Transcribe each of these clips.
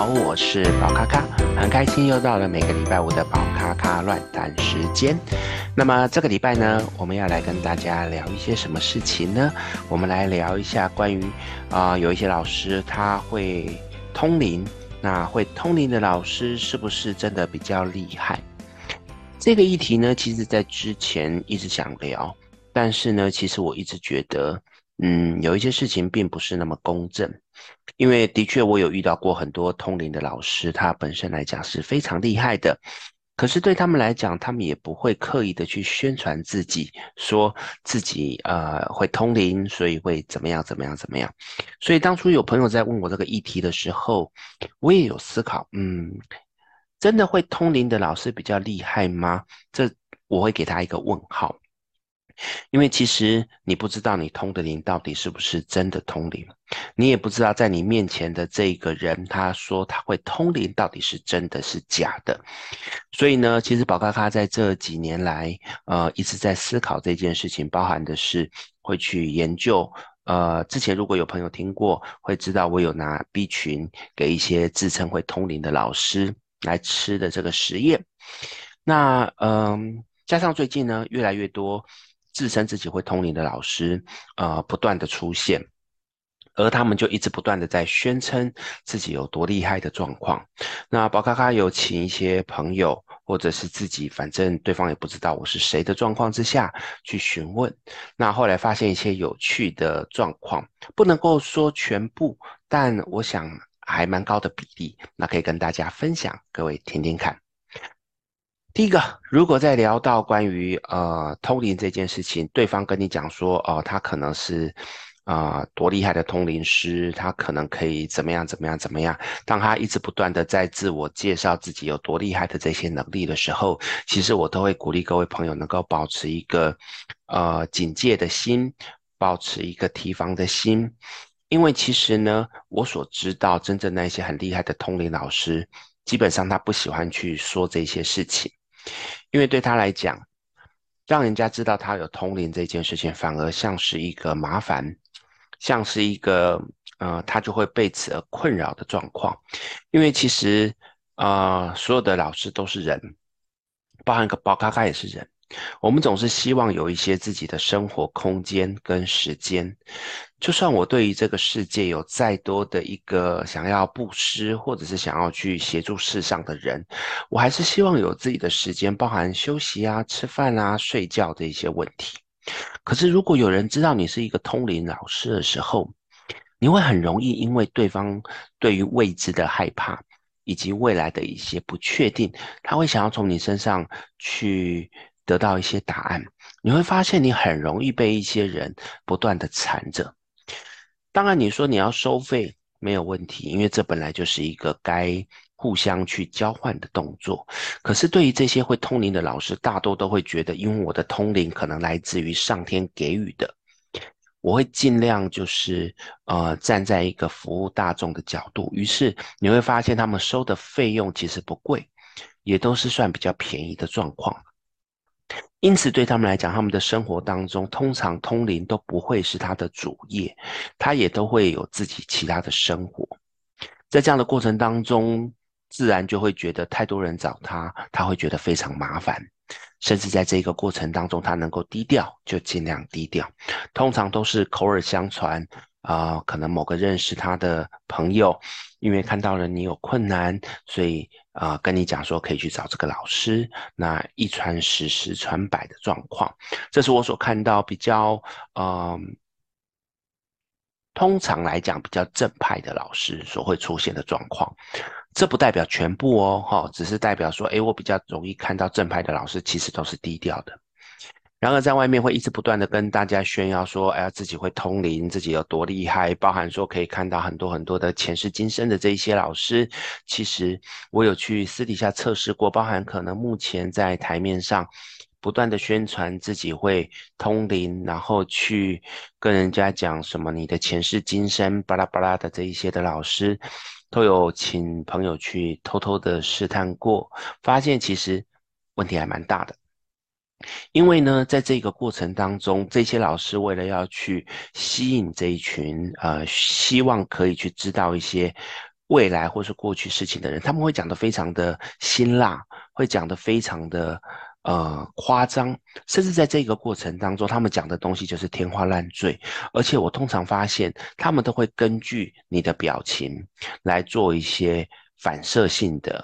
好，我是寶咖咖。很開心又到了每個禮拜五的寶咖咖亂談時間。那麼這個禮拜呢，我們要來跟大家聊一些什麼事情呢？我們來聊一下關於啊、呃，有一些老師他會通靈，那會通靈的老師是不是真的比較厲害？這個議題呢，其實在之前一直想聊，但是呢，其實我一直覺得。嗯，有一些事情並不是那麼公正，因為的確我有遇到過很多通靈的老師，他本身來講是非常厲害的，可是對他們來講，他們也不會刻意的去宣傳自己，說自己，呃，會通靈，所以會怎麼樣，怎麼樣怎麼樣。所以當初有朋友在問我這個議題的時候，我也有思考，嗯，真的會通靈的老師比較厲害嗎？這，我會給他一個問號。因為其實你不知道你通的靈到底是不是真的通靈，你也不知道在你面前的這個人，他說他會通靈到底是真的是假的，所以呢，其實寶咖咖在這幾年來，呃，一直在思考這件事情，包含的是會去研究，呃，之前如果有朋友聽過會知道我有拿 B 群給一些自稱會通靈的老師來吃的這個實驗，那嗯、呃，加上最近呢越來越多。自稱自己會通靈的老師，呃，不斷的出現，而他們就一直不斷的在宣稱自己有多厲害的狀況。那寶咖咖有請一些朋友，或者是自己，反正對方也不知道我是誰的狀況之下去詢問。那後來發現一些有趣的狀況，不能夠說全部，但我想還蠻高的比例，那可以跟大家分享，各位聽聽看。第一個，如果在聊到關於呃通靈這件事情，對方跟你講說，哦、呃，他可能是啊、呃、多厲害的通靈師，他可能可以怎麼樣怎麼樣怎麼樣。當他一直不斷的在自我介紹自己有多厲害的這些能力的時候，其實我都會鼓勵各位朋友能夠保持一個呃警戒的心，保持一個提防的心。因為其實呢，我所知道真正那些很厲害的通靈老師，基本上他不喜歡去說這些事情。因為對他來講，讓人家知道他有通靈這件事情，反而像是一個麻煩，像是一個呃，他就會被此而困擾的狀況。因為其實啊、呃，所有的老師都是人，包含一個寶咖咖也是人。我們總是希望有一些自己的生活空間跟時間。就算我對於這個世界有再多的一個想要布施，或者是想要去協助世上的人，我還是希望有自己的時間，包含休息啊、吃飯啊、睡覺的一些問題。可是，如果有人知道你是一個通靈老師的時候，你會很容易因為對方對於未知的害怕，以及未來的一些不確定，他會想要從你身上去得到一些答案。你會發現，你很容易被一些人不斷地纏着。當然，你說你要收費沒有問題，因為這本來就是一個該互相去交換的動作。可是，對於這些會通靈的老師，大多都會覺得，因為我的通靈可能來自於上天給予的，我會盡量就是呃站在一個服務大眾的角度。於是你會發現，他們收的費用其實不貴，也都是算比較便宜的狀況。因此，對他們來講，他們的生活當中，通常通靈都不會是他的主業，他也都會有自己其他的生活。在這樣的過程當中，自然就會覺得太多人找他，他會覺得非常麻煩，甚至在這個過程當中，他能夠低調就盡量低調，通常都是口耳相傳。啊、呃，可能某個認識他的朋友，因為看到了你有困難，所以啊、呃，跟你講說可以去找這個老師，那一傳十，十傳百的狀況，這是我所看到比較，嗯、呃，通常來講比較正派的老師所會出現的狀況。這不代表全部哦，哈，只是代表說，誒，我比較容易看到正派的老師其實都是低調的。然而，在外面會一直不斷的跟大家炫耀說：“哎呀，自己會通靈，自己有多厲害，包含說可以看到很多很多的前世今生的這一些老師。”其實，我有去私底下測試過，包含可能目前在台面上不斷的宣傳自己會通靈，然後去跟人家講什麼你的前世今生，巴拉巴拉的這一些的老師，都有請朋友去偷偷的試探過，發現其實問題還蠻大的。因為呢，在這個過程當中，這些老師為了要去吸引這一群呃，希望可以去知道一些未來或是過去事情的人，他們會講得非常的辛辣，會講得非常的呃誇張，甚至在這個過程當中，他們講的東西就是天花亂墜。而且我通常發現，他們都會根據你的表情來做一些反射性的。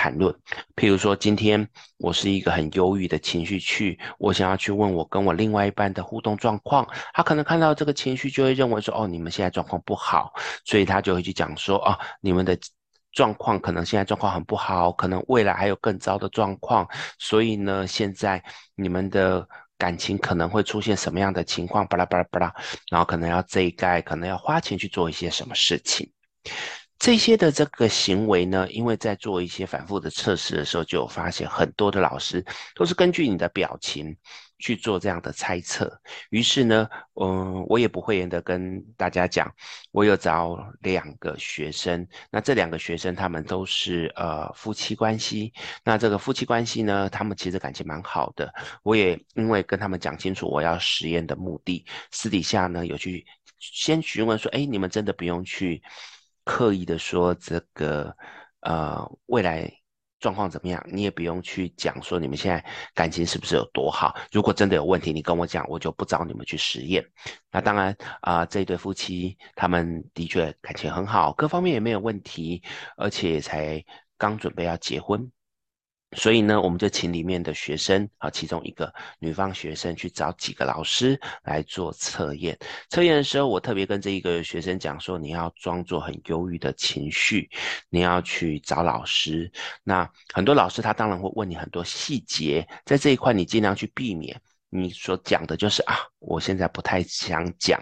談論，譬如說，今天我是一個很憂鬱的情緒去，我想要去問我跟我另外一半的互動狀況，他可能看到這個情緒，就會認為說，哦，你們現在狀況不好，所以他就會去講說，哦，你們的狀況可能現在狀況很不好，可能未來還有更糟的狀況，所以呢，現在你們的感情可能會出現什麼樣的情況，巴拉巴拉巴拉，然後可能要這一概，可能要花錢去做一些什麼事情。這些的這個行為呢，因為在做一些反覆的測試的時候，就有發現很多的老師都是根據你的表情去做這樣的猜測。於是呢，嗯，我也不諱言的跟大家講，我有找兩個學生，那這兩個學生他們都是呃夫妻關係，那這個夫妻關係呢，他們其實感情蠻好的。我也因為跟他們講清楚我要實驗的目的，私底下呢有去先詢問說，哎，你們真的不用去。刻意的說這個，呃，未來狀況怎麼樣？你也不用去講說你們現在感情是不是有多好？如果真的有問題，你跟我講，我就不找你們去實驗。那當然啊，呃，這一對夫妻他們的確感情很好，各方面也沒有問題，而且才剛準備要結婚。所以呢，我們就請裡面的學生啊，其中一個女方學生去找幾個老師來做測驗。測驗的時候，我特別跟這一個學生講說，你要裝作很憂鬱的情緒，你要去找老師。那很多老師他當然會問你很多細節，在這一塊你盡量去避免。你所講的就是啊，我現在不太想講。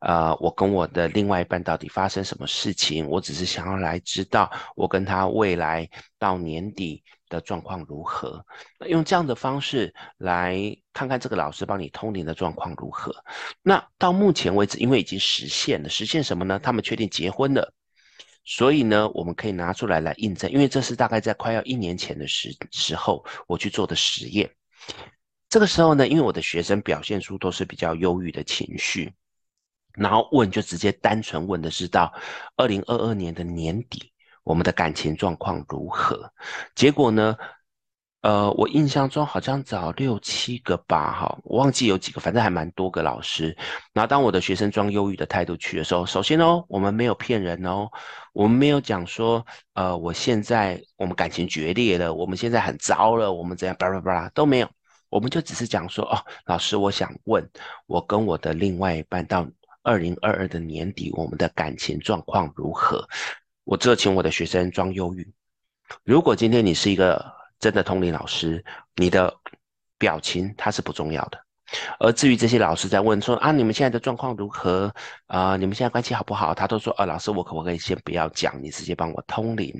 呃，我跟我的另外一半到底發生什麼事情？我只是想要來知道，我跟他未來到年底，的狀況如何？用這樣的方式來看看這個老師幫你通靈的狀況如何？那到目前為止，因為已經實現了，實現什麼呢？他們確定結婚了，所以呢，我們可以拿出來來印證，因為這是大概在快要一年前的時時候我去做的實驗。這個時候呢，因為我的學生表現出都是比較憂鬱的情緒，然後問就直接單純問的是到二零二二年的年底，我們的感情狀況如何？結果呢？呃，我印象中好像找六七個吧，我忘記有幾個，反正還蠻多個老師。然後，當我的學生裝憂鬱的態度去的時候，首先呢、哦，我們沒有騙人哦，我們沒有講說，呃，我現在我們感情決裂了，我們現在很糟了，我們怎樣？巴拉巴拉都沒有，我們就只是講說，哦，老師，我想問我跟我的另外一半到二零二二的年底，我們的感情狀況如何？我只有請我的學生裝憂鬱。如果今天你是一個真的通靈老師，你的表情它是不重要的。而至於這些老師在問說啊，你們現在的狀況如何啊？呃？你們現在關係好不好？他都說啊，老師，我可不可以先不要講，你直接幫我通靈？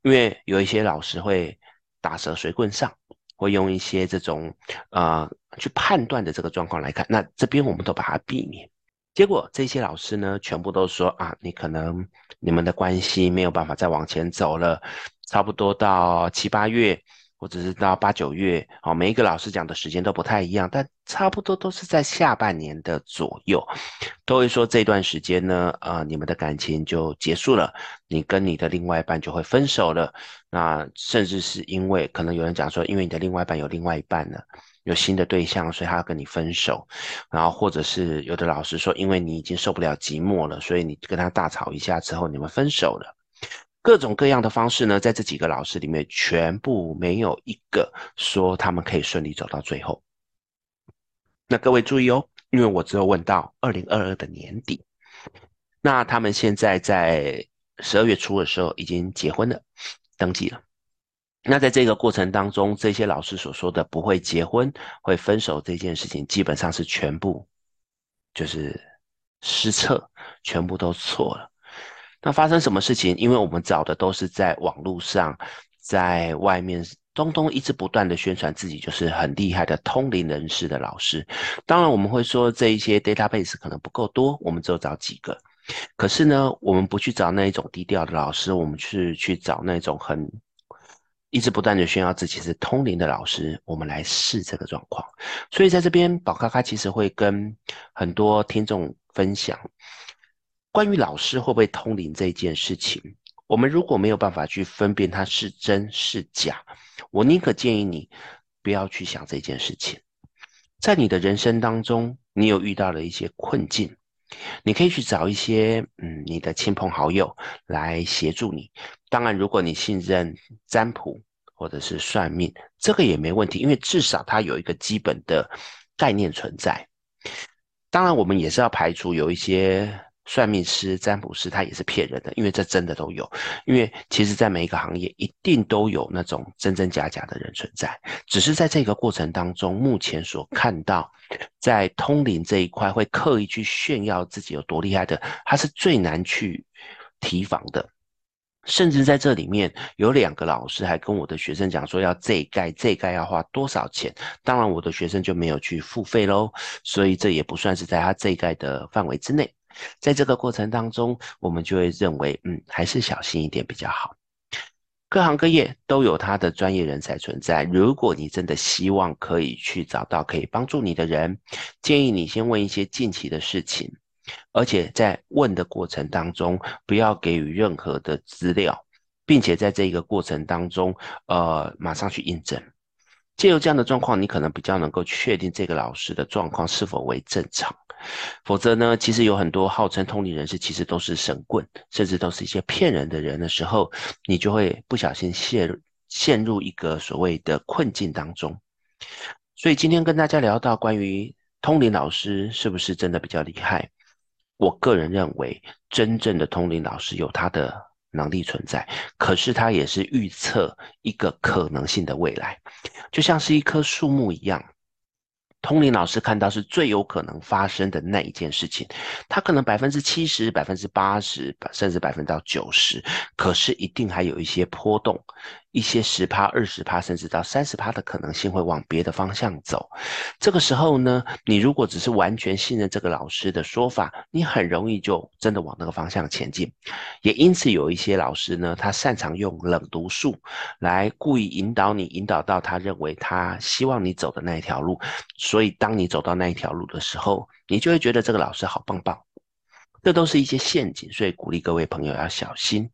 因為有一些老師會打蛇隨棍上，會用一些這種啊、呃、去判斷的這個狀況來看。那這邊我們都把它避免。結果這些老師呢，全部都說啊，你可能你們的關係沒有辦法再往前走了，差不多到七八月，或者是到八九月，好、哦，每一個老師講的時間都不太一樣，但差不多都是在下半年的左右，都會說這段時間呢，呃，你們的感情就結束了，你跟你的另外一半就會分手了，那甚至是因為可能有人講說，因為你的另外一半有另外一半了。有新的對象，所以他要跟你分手，然後或者是有的老師說，因為你已經受不了寂寞了，所以你跟他大吵一下之後，你們分手了。各種各樣的方式呢，在這幾個老師裡面，全部沒有一個說他們可以順利走到最後。那各位注意哦，因為我只有問到二零二二的年底，那他們現在在十二月初的時候已經結婚了，登記了。那在這個過程當中，這些老師所說的不會結婚、會分手這件事情，基本上是全部就是失策，全部都錯了。那發生什麼事情？因為我們找的都是在網絡上、在外面通通一直不斷的宣傳自己就是很厲害的通靈人士的老師。當然，我們會說這一些 database 可能不夠多，我們只有找幾個。可是呢，我們不去找那一種低調的老師，我們去去找那種很一直不斷地炫耀自己是通靈的老師，我們來試這個狀況。所以在這邊，寶咖咖其實會跟很多聽眾分享關於老師會不會通靈這一件事情。我們如果沒有辦法去分辨它是真是假，我寧可建議你不要去想這件事情。在你的人生當中，你有遇到了一些困境。你可以去找一些，嗯，你的親朋好友來協助你。當然，如果你信任占卜或者是算命，這個也沒問題，因為至少它有一個基本的概念存在。當然，我們也是要排除有一些。算命師、占卜師，他也是騙人的，因為這真的都有。因為其實，在每一個行業，一定都有那種真真假假的人存在。只是在這個過程當中，目前所看到，在通靈這一塊會刻意去炫耀自己有多厲害的，他是最難去提防的。甚至在這裡面，有兩個老師還跟我的學生講說，要這一卦，這一卦要花多少錢？當然，我的學生就沒有去付費嘍。所以，這也不算是在他這一卦的範圍之內。在這個過程當中，我們就會認為，嗯，還是小心一點比較好。各行各業都有它的專業人才存在。如果你真的希望可以去找到可以幫助你的人，建議你先問一些近期的事情，而且在問的過程當中，不要給予任何的資料，並且在這個過程當中，呃，馬上去印證。借由這樣的狀況，你可能比較能夠確定這個老師的狀況是否為正常。否則呢，其實有很多號稱通靈人士，其實都是神棍，甚至都是一些騙人的人的時候，你就會不小心陷入陷入一個所謂的困境當中。所以今天跟大家聊到關於通靈老師是不是真的比較厲害，我個人認為，真正的通靈老師有他的。能力存在，可是它也是預測一個可能性的未來，就像是一棵樹木一樣。通靈老師看到是最有可能發生的那一件事情，它可能百分之七十、百分之八十，甚至百分之九十，可是一定還有一些波動。一些十趴、二十趴，甚至到三十趴的可能性會往別的方向走。這個時候呢，你如果只是完全信任這個老師的說法，你很容易就真的往那個方向前進。也因此，有一些老師呢，他擅長用冷讀術來故意引導你，引導到他認為他希望你走的那一條路。所以，當你走到那一條路的時候，你就會覺得這個老師好棒棒。這都是一些陷阱，所以鼓勵各位朋友要小心。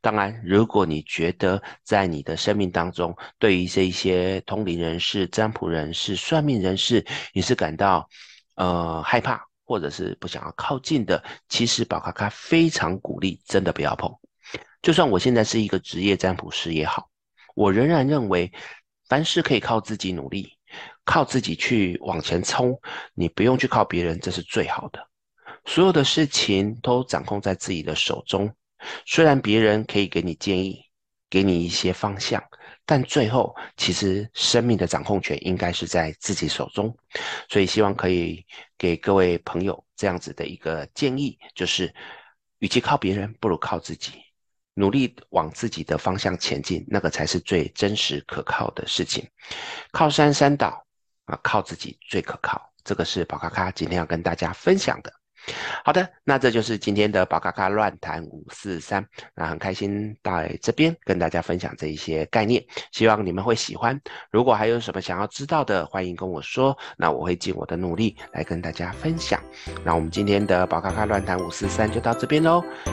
當然，如果你覺得在你的生命當中，對於這一些通靈人士、占卜人士、算命人士，你是感到呃害怕或者是不想要靠近的，其實寶咖咖非常鼓勵，真的不要碰。就算我現在是一個職業占卜師也好，我仍然認為，凡事可以靠自己努力，靠自己去往前衝，你不用去靠別人，這是最好的。所有的事情都掌控在自己的手中，雖然別人可以給你建議，給你一些方向，但最後其實生命的掌控權應該是在自己手中。所以希望可以給各位朋友這樣子的一個建議，就是，與其靠別人，不如靠自己，努力往自己的方向前進，那個才是最真實可靠的事情。靠山山倒，啊，靠自己最可靠。這個是寶咖咖今天要跟大家分享的。好的，那這就是今天的寶咖咖亂談五四三。那很開心在這邊跟大家分享這一些概念，希望你們會喜歡。如果還有什麼想要知道的，歡迎跟我說，那我會盡我的努力來跟大家分享。那我們今天的寶咖咖亂談五四三就到這邊嘍，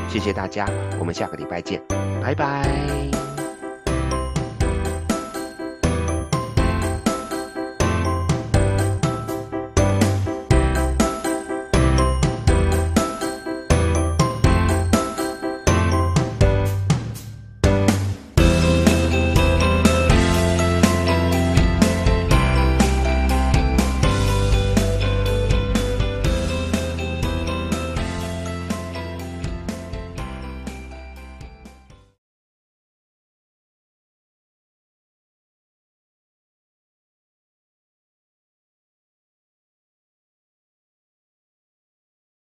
謝謝大家，我們下個禮拜見，拜拜。